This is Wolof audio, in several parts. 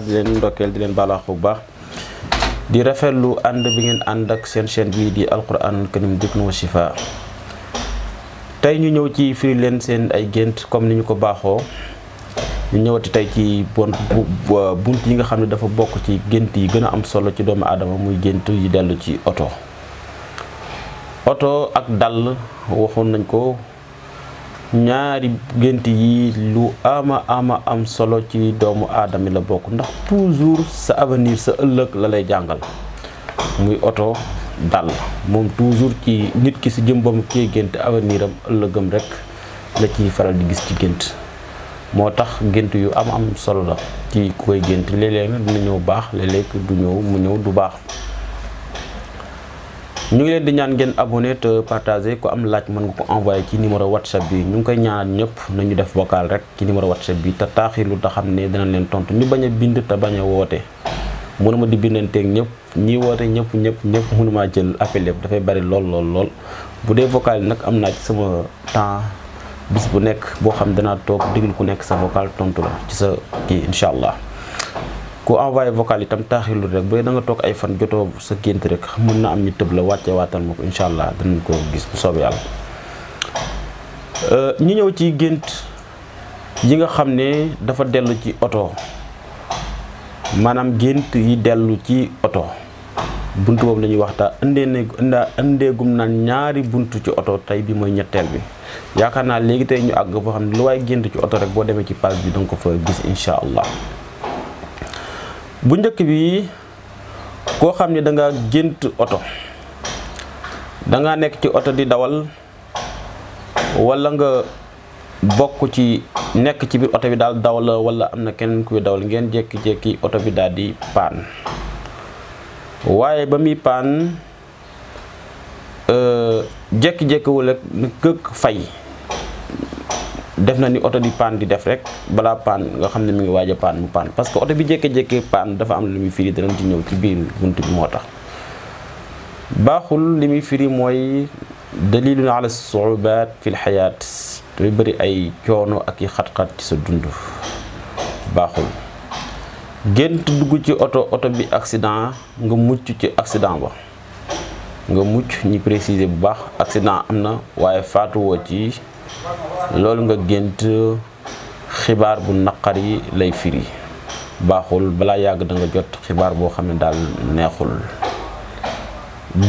di leen ndokkeel di leen balaax bu baax di rafetlu ànd bi ngeen ànd ak seen chaîne bii di alquranul karim diknu wa shifa tey ñu ñëw ci fii leen seen ay gént comme ni ñu ko baaxoo ñu ñëwati tey ci bon bunt yi nga xam ne dafa bokk ci gént yi gën a am solo ci doomu aadama muy gént yi dellu ci oto oto ak dàll waxoon nañ ko ñaari gént yi lu ama ama am solo ci doomu aadama la bokk ndax toujours sa avenir sa ëllëg la lay jàngal muy oto dal moom toujours ci nit ki si jëmbam kii gént avenir am ëllëgam rekk la ciy faral di gis ci gént moo tax gént yu am am solo la ci koy gént léeg-léeg nag ñëw baax léeg-léeg du ñëw mu ñëw du baax ñu ngi leen di ñaan ngeen abonné te partagé ku am laaj mën nga ko envoyé ci numéro whatsapp bi ñu ngi koy ñaanal ñëpp nañu def vocal rek ci numéro whatsapp bi te taaxilu te xam ne dinañ leen tontu ñu bañ a bind te bañ a woote mënuma di bindanteeg ñëpp ñi woote ñëpp ñëpp ñëpp mënumaa jël appel yëpp dafay bari lool lool lool bu dee vocal yi nag am naa ci sama temps bis bu nekk boo xam danaa toog déglu ku nekk sa vocal tontu la ci sa kii incha allah ku envoyé vocal itam taaxirlu rek bu da nga toog ay fan jotoo sa gént rek mën na am ñu tëb la wàcce waatal ma ko incha allah danañ ko gis bu soobee yàlla euh, ñu ñëw ci gént yi nga xam ne dafa dellu ci oto maanaam gént yi dellu ci oto bunt boobu la ñuy waxtaan indee na indeegum naan ñaari bunt ci oto tey bi mooy ñetteel bi yaakaar naa léegi tey ñu àgg boo xam ne lu waaye gént ci oto rek boo demee ci page bi danga ko fa gis incha allah bu njëkk bi koo xam ni danga nga gént oto da nekk ci oto di dawal wala nga bokk ci nekk ci biir oto bi daal daw la wala am na keneen kuy dawal ngeen jékki-jékki oto bi daal di paan waaye ba muy paan euh, jékki-jékkiwul rek këkk fay def na ni oto di paan di def rek balaa paan nga xam ne mu ngi waaj a paan mu paan parce que oto bi jékki-jékki paan dafa am lu muy firi danañ ci ñëw ci biir bunt bi moo tax baaxul li muy firi mooy dalilun ala suubat fi lxayaat dafay bëri ay coono ak i xat ci sa dund baaxul gént dugg ci oto oto bi accident nga mucc ci accident ba nga mucc ñi préciser bu baax accident am na waaye faatuwoo ci loolu nga gént xibaar bu yi lay firi baaxul balaa yàgg da jot xibaar boo xam ne daal neexul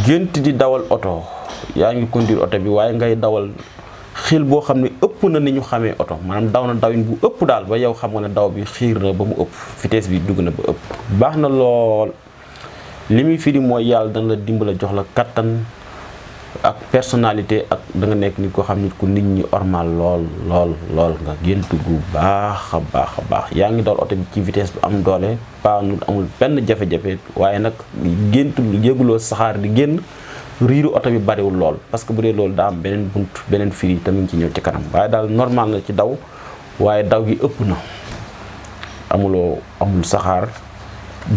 gént di dawal oto yaa ngi conduire oto bi waaye ngay dawal xiil boo xam ne ëpp na ni ñu xamee oto maanaam daw na dawin bu ëpp daal ba yow xam nga ne daw bi xiir na ba mu ëpp vitesse bi dugg na ba ëpp baax na lool li muy firi mooy yàlla dana la dimbala jox la kàttan ak personnalité ak da nga nekk nit koo xam nit ku nit ñi ormal lool lool lool nga gént gu baax a baax a baax yaa ngi dawal oto bi ci vitesse bi am doole paanul amul benn jafe waaye nag géntul yëguloo saxaar di génn riiru oto bi bariwul lool parce que bu dee loolu daa am beneen bunt beneen firi tamit ci ñëw ci kanam waaye daal normal na ci daw waaye daw gi ëpp na amuloo amul saxaar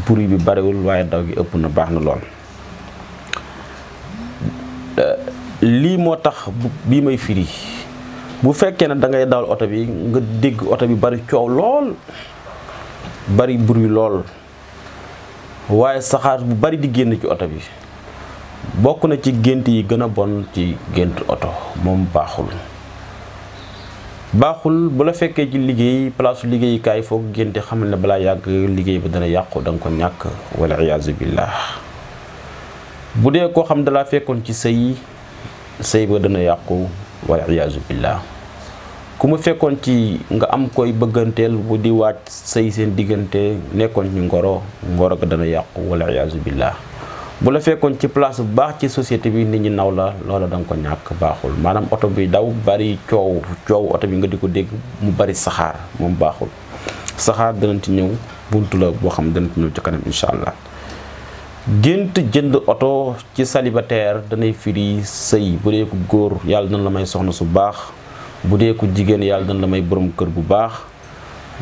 bruit bi bariwul waaye daw gi ëpp na baax na lool lii moo tax bii may firi bu fekkee ne dangay ngay dawal oto bi nga dégg oto bi bari coow lool bari bruit lool waaye saxaar bu bari di génn ci oto bi bokk na ci gént yi gën a bon ci gént oto moom baaxul baaxul bu la fekkee ci liggéey palaasu liggéeyukaay foog génte xamal ne balaa yàgg liggéey bi dana yàqu danga ko ñàkk wala iyaazu billaah bu dee koo xam dalaa fekkoon ci sëy sëy ba dana yàqu wal iyaazu billah ku ma fekkoon ci nga am koy bëgganteel bu di waaj sëy seen diggante nekkoon ci ngoro ngoro ga dana yàqu wal iyaazu billah bu la fekkoon ci place bu baax ci société bi nit ñi naw la loola da ko ñàkk baaxul maanaam oto bi daw bari coow coow oto bi nga di ko dégg mu bari saxaar moom baaxul saxaar danañ ci ñëw buntu la boo xam danañ ci ñëw ci kanam incha allah gént jënd oto ci célibataire danay firi sëy bu dee ko góor yàlla dana la may soxna su baax bu dee ko jigéen yàlla dana la may borom kër bu baax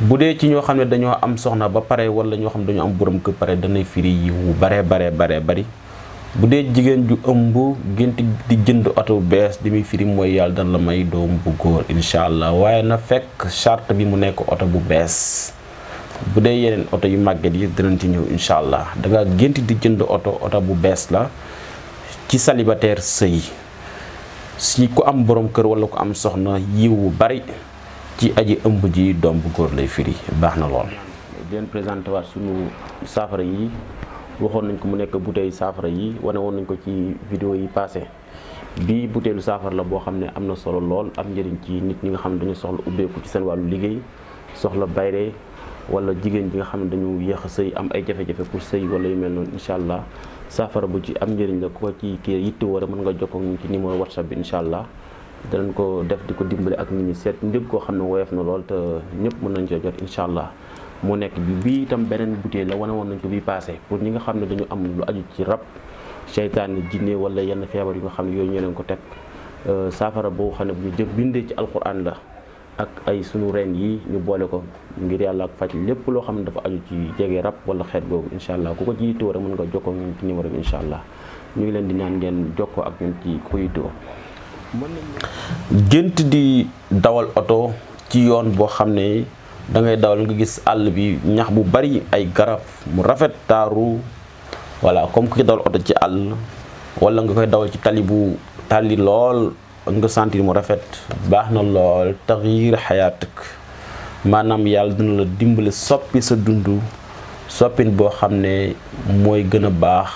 bu dee ci ñoo xam ne dañoo am soxna ba pare wala ñoo xam ne dañoo am borom kër pare danay firi yiwu bare bare bare bari bu dee jigéen ju ëmb gént di jënd oto bu bees di muy firi mooy yàlla dana la may doom bu góor incha allah waaye na fekk charte bi mu nekk oto bu bees bu dee yeneen oto yu màgget yi dinañ ci ñëw incha allah danga nga gént di jënd oto oto bu bees la ci célibataire sëy si ku am borom kër wala ku am soxna yiw wu bari ci aji ëmb ji doom bu góor lay firi baax na lool. di leen présenté waat sunu saafara yi waxoon nañ ko mu nekk bouteille saafara yi wane woon nañ ko ci vidéo yi passé bii butéelu saafara la boo xam ne am na solo lool am njëriñ ci nit ñi nga xam ne dañu soxla ubbeeku ci seen wàllu liggéey soxla bayre wala jigéen ji nga xam ne dañu yéex a sëy am ay jafe-jafe pour sëy wala yu mel noonu incha allah saafara bu ci am njëriñ la ku ko ci kii yitte war a mën nga jokkoo ak ñu ci numéro whatsapp bi incha allah danañ ko def di ko dimbale ak nit seet ndépp koo xam ne woyof na lool te ñëpp mën nañ cee jot incha allah mu nekk bi bii itam beneen bouteille la wane woon nañ ko bii passé pour ñi nga xam ne dañu am lu aju ci rab seytaane jinne wala yenn feebar yu nga xam ne yooyu ñoo leen ko teg euh, saafara boo xam ne bu ñu jëm bindee ci al alquran la ak ay sunu reen yi ñu boole ko ngir yàlla ak faj lépp loo xam ne dafa aju ci jege rab wala xeet boobu incha allah ku ko ci yittoo rek mën nga jokkoo ñun ci numéro bi ñu ngi leen di ñaan ngeen jokkoo ak ñun ci ku yittoo gént di dawal oto ci yoon boo xam ne dangay dawal nga gis àll bi ñax bu bari ay garab mu rafet taaru voilà comme ku dawal oto ci àll wala nga koy dawal ci tali bu tali lool nga sentir mu rafet baax na lool tax taxyir xayaatuk maanaam yàlla dina la dimbali soppi sa dund soppin boo xam ne mooy gën a baax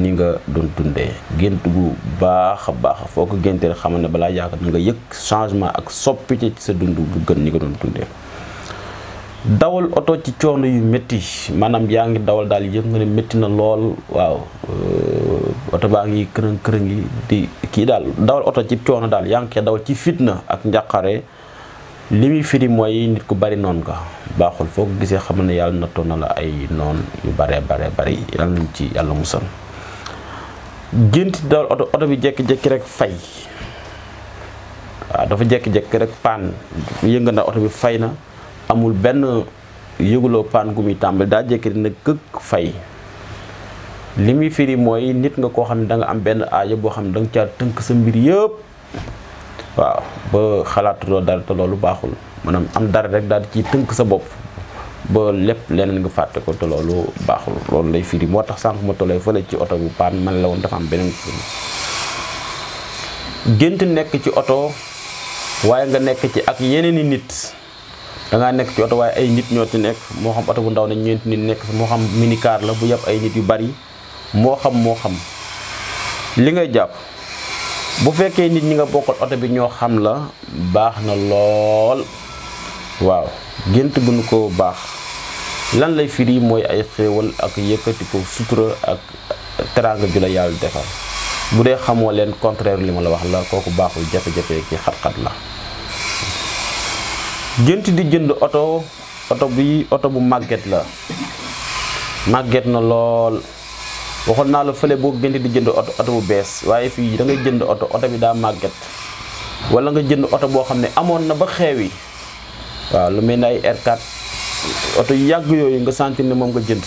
ni nga doon dundee gént gu baax a baax foo ko géntee xamal ne balaa yàgg na nga yëg changement ak soppi ci sa dund bu gën ni nga doon dundee dawal oto ci coono yu métti maanaam yaa ngi dawal daal yëpp nga ne na lool waaw euh, oto baa ngi kërëng kërëng yi di kii daal dawal oto ci coono daal yaa ngi dawal ci fitna ak njàqare li muy firi mooy nit ku bari noon ka baaxul foo ko gisee xam ne yàlla nattoo na la ay noon yu baree baree bari yàlla nañ ci yàlla musal gént dawal oto bi jékki-jékki rek fay waaw dafa jékki-jékki rek paan yëngal na oto bi fay na. amul benn yëguloo paan gu muy tàmbali daa jékki dina këkk fay li muy firi mooy nit nga koo xam ne da am benn aajo boo xam ne da nga tënk sa mbir yépp waaw ba xalaatuloo dara te loolu baaxul maanaam am dara rek daal ci tënk sa bopp ba lépp leneen nga fàtte ko te loolu baaxul loolu lay firi moo tax sànq ma tollee fële ci oto bu paan man la woon dafa am beneen firi gént nekk ci oto waaye nga nekk ci ak yeneen i nit da nekk ci oto waaye ay nit ñoo ci nekk moo xam oto bu ndaw na ñeenti nit nekk moo xam minicar la bu yàpp ay nit yu bari moo xam moo xam li ngay jàpp bu fekkee nit ñi nga bokkal oto bi ñoo xam la baax na lool waaw gént gënu ko baax lan lay firi mooy ay xéewal ak yëkkati ko sutura ak teraanga ju la yàlla defal bu dee xamoo leen contraire li ma la wax la kooku baaxul jafe-jafe ki xat-xat la gént di jënd oto oto bi oto bu màgget la màgget na lool waxoon naa la fële boo gént di jënd oto bu bees waaye fii dangay jënd oto oto bi daa màgget wala nga jënd oto boo xam ne amoon na ba xeewi waaw lu mel ne ay r oto yu yàgg yooyu nga sentir ne moom nga jënd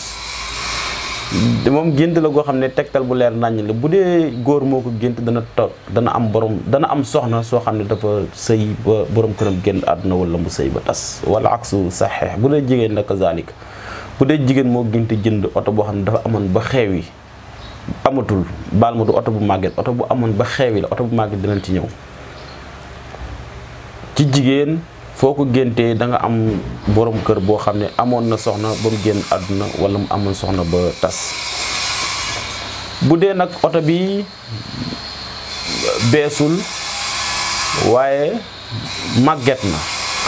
moom gént la goo xam ne tegtal bu leer naññ la bu dee góor moo ko gént dana toog dana am boroom dana am soxna soo xam ne dafa sëy ba borom këram génn àdduna wala mu sëy ba tas wala aksu saxeex bu dee jigéen la kazalik bu dee jigéen moo gént jënd oto boo xam ne dafa amoon ba xeew yi amatul baal ma du oto bu màgget oto bu amoon ba xeew yi la oto bu màgget dinañ ci ñëw ci jigéen foo ko géntee da nga am boroom kër boo xam ne amoon na soxna ba mu génn àdduna wala mu amoon soxna ba tas bu dee nag oto bi beesul waaye màgget na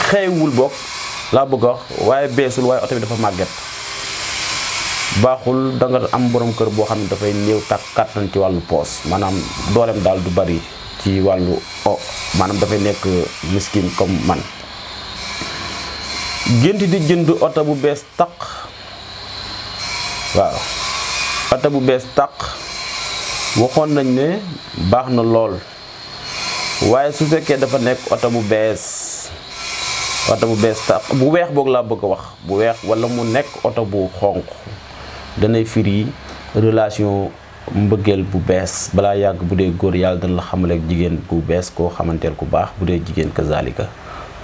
xeewul bokk laa bëgg a waaye beesul waaye oto bi dafa màgget baaxul da am boroom kër boo xam ne dafay néew takk kàttan ci wàllu poos maanaam dooleem daal du bari ci wàllu o oh, maanaam dafay nekk miskin comme man gént di jënd oto bu bees taq waaw oto bu bees taq waxoon nañ ne baax na lool waaye su fekkee dafa nekk oto bu bees oto bu bees taq bu weex boog laa bëgg a wax bu weex walla mu nekk oto bu xonq danay firi relation mbëggeel bu bees balaa yàgg bu dee góor yàlla dana la xamale ak jigéen bu bees koo xamanteel ku baax bu dee jigéen kazalika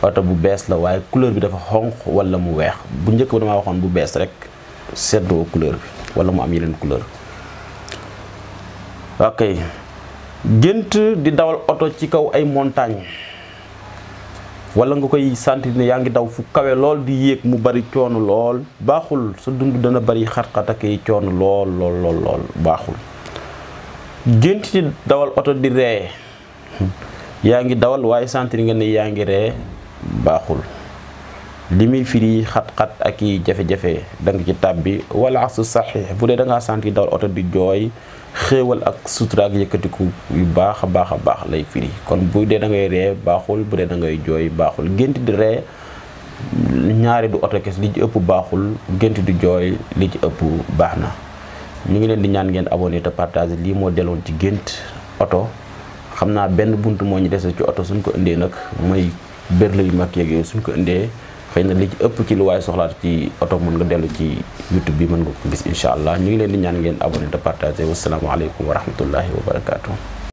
oto bu bees la waaye couleur bi dafa xonq wala mu weex bu njëkk ba damaa waxoon bu bees rek seddoo couleur bi wala mu am yeneen couleur ok gént di dawal oto ci kaw ay montagne wala nga koy sentir ne yaa ngi daw fu kawe lool di yéeg mu bari coono lool baaxul sa dund dana bari xat-xat ak gént di dawal oto di ree yaa ngi dawal waaye sentir nga ne yaa ngi ree baaxul li muy firi xat-xat ak i jafe-jafe da nga ci tàbbi wala su saxiix bu dee da ngaa sant dawal oto di jooy xéewal ak sutura ak yëkkatiku yu baax a baax a baax lay firi kon bu dee da ngay ree baaxul bu dee da ngay jooy baaxul gént di ree ñaari du oto kes li ci ëpp baaxul gént di jooy li ci ëpp baax na ñu ngi leen di ñaan ngeen abonné te partager lii moo delloon ci gént oto xam naa benn bunt moo ñu dese ci oto suñ ko indee nag mooy berle yu mag yeeg yooyu suñ ko indee xëy na li ci ëpp ci lu waaye soxlaat ci oto mun nga dellu ci youtube bi mën nga ko gis incha allah ñu ngi leen di ñaan ngeen abonné te partagé wasalaamaaleykum wa rahmatullahi wa barakaatu.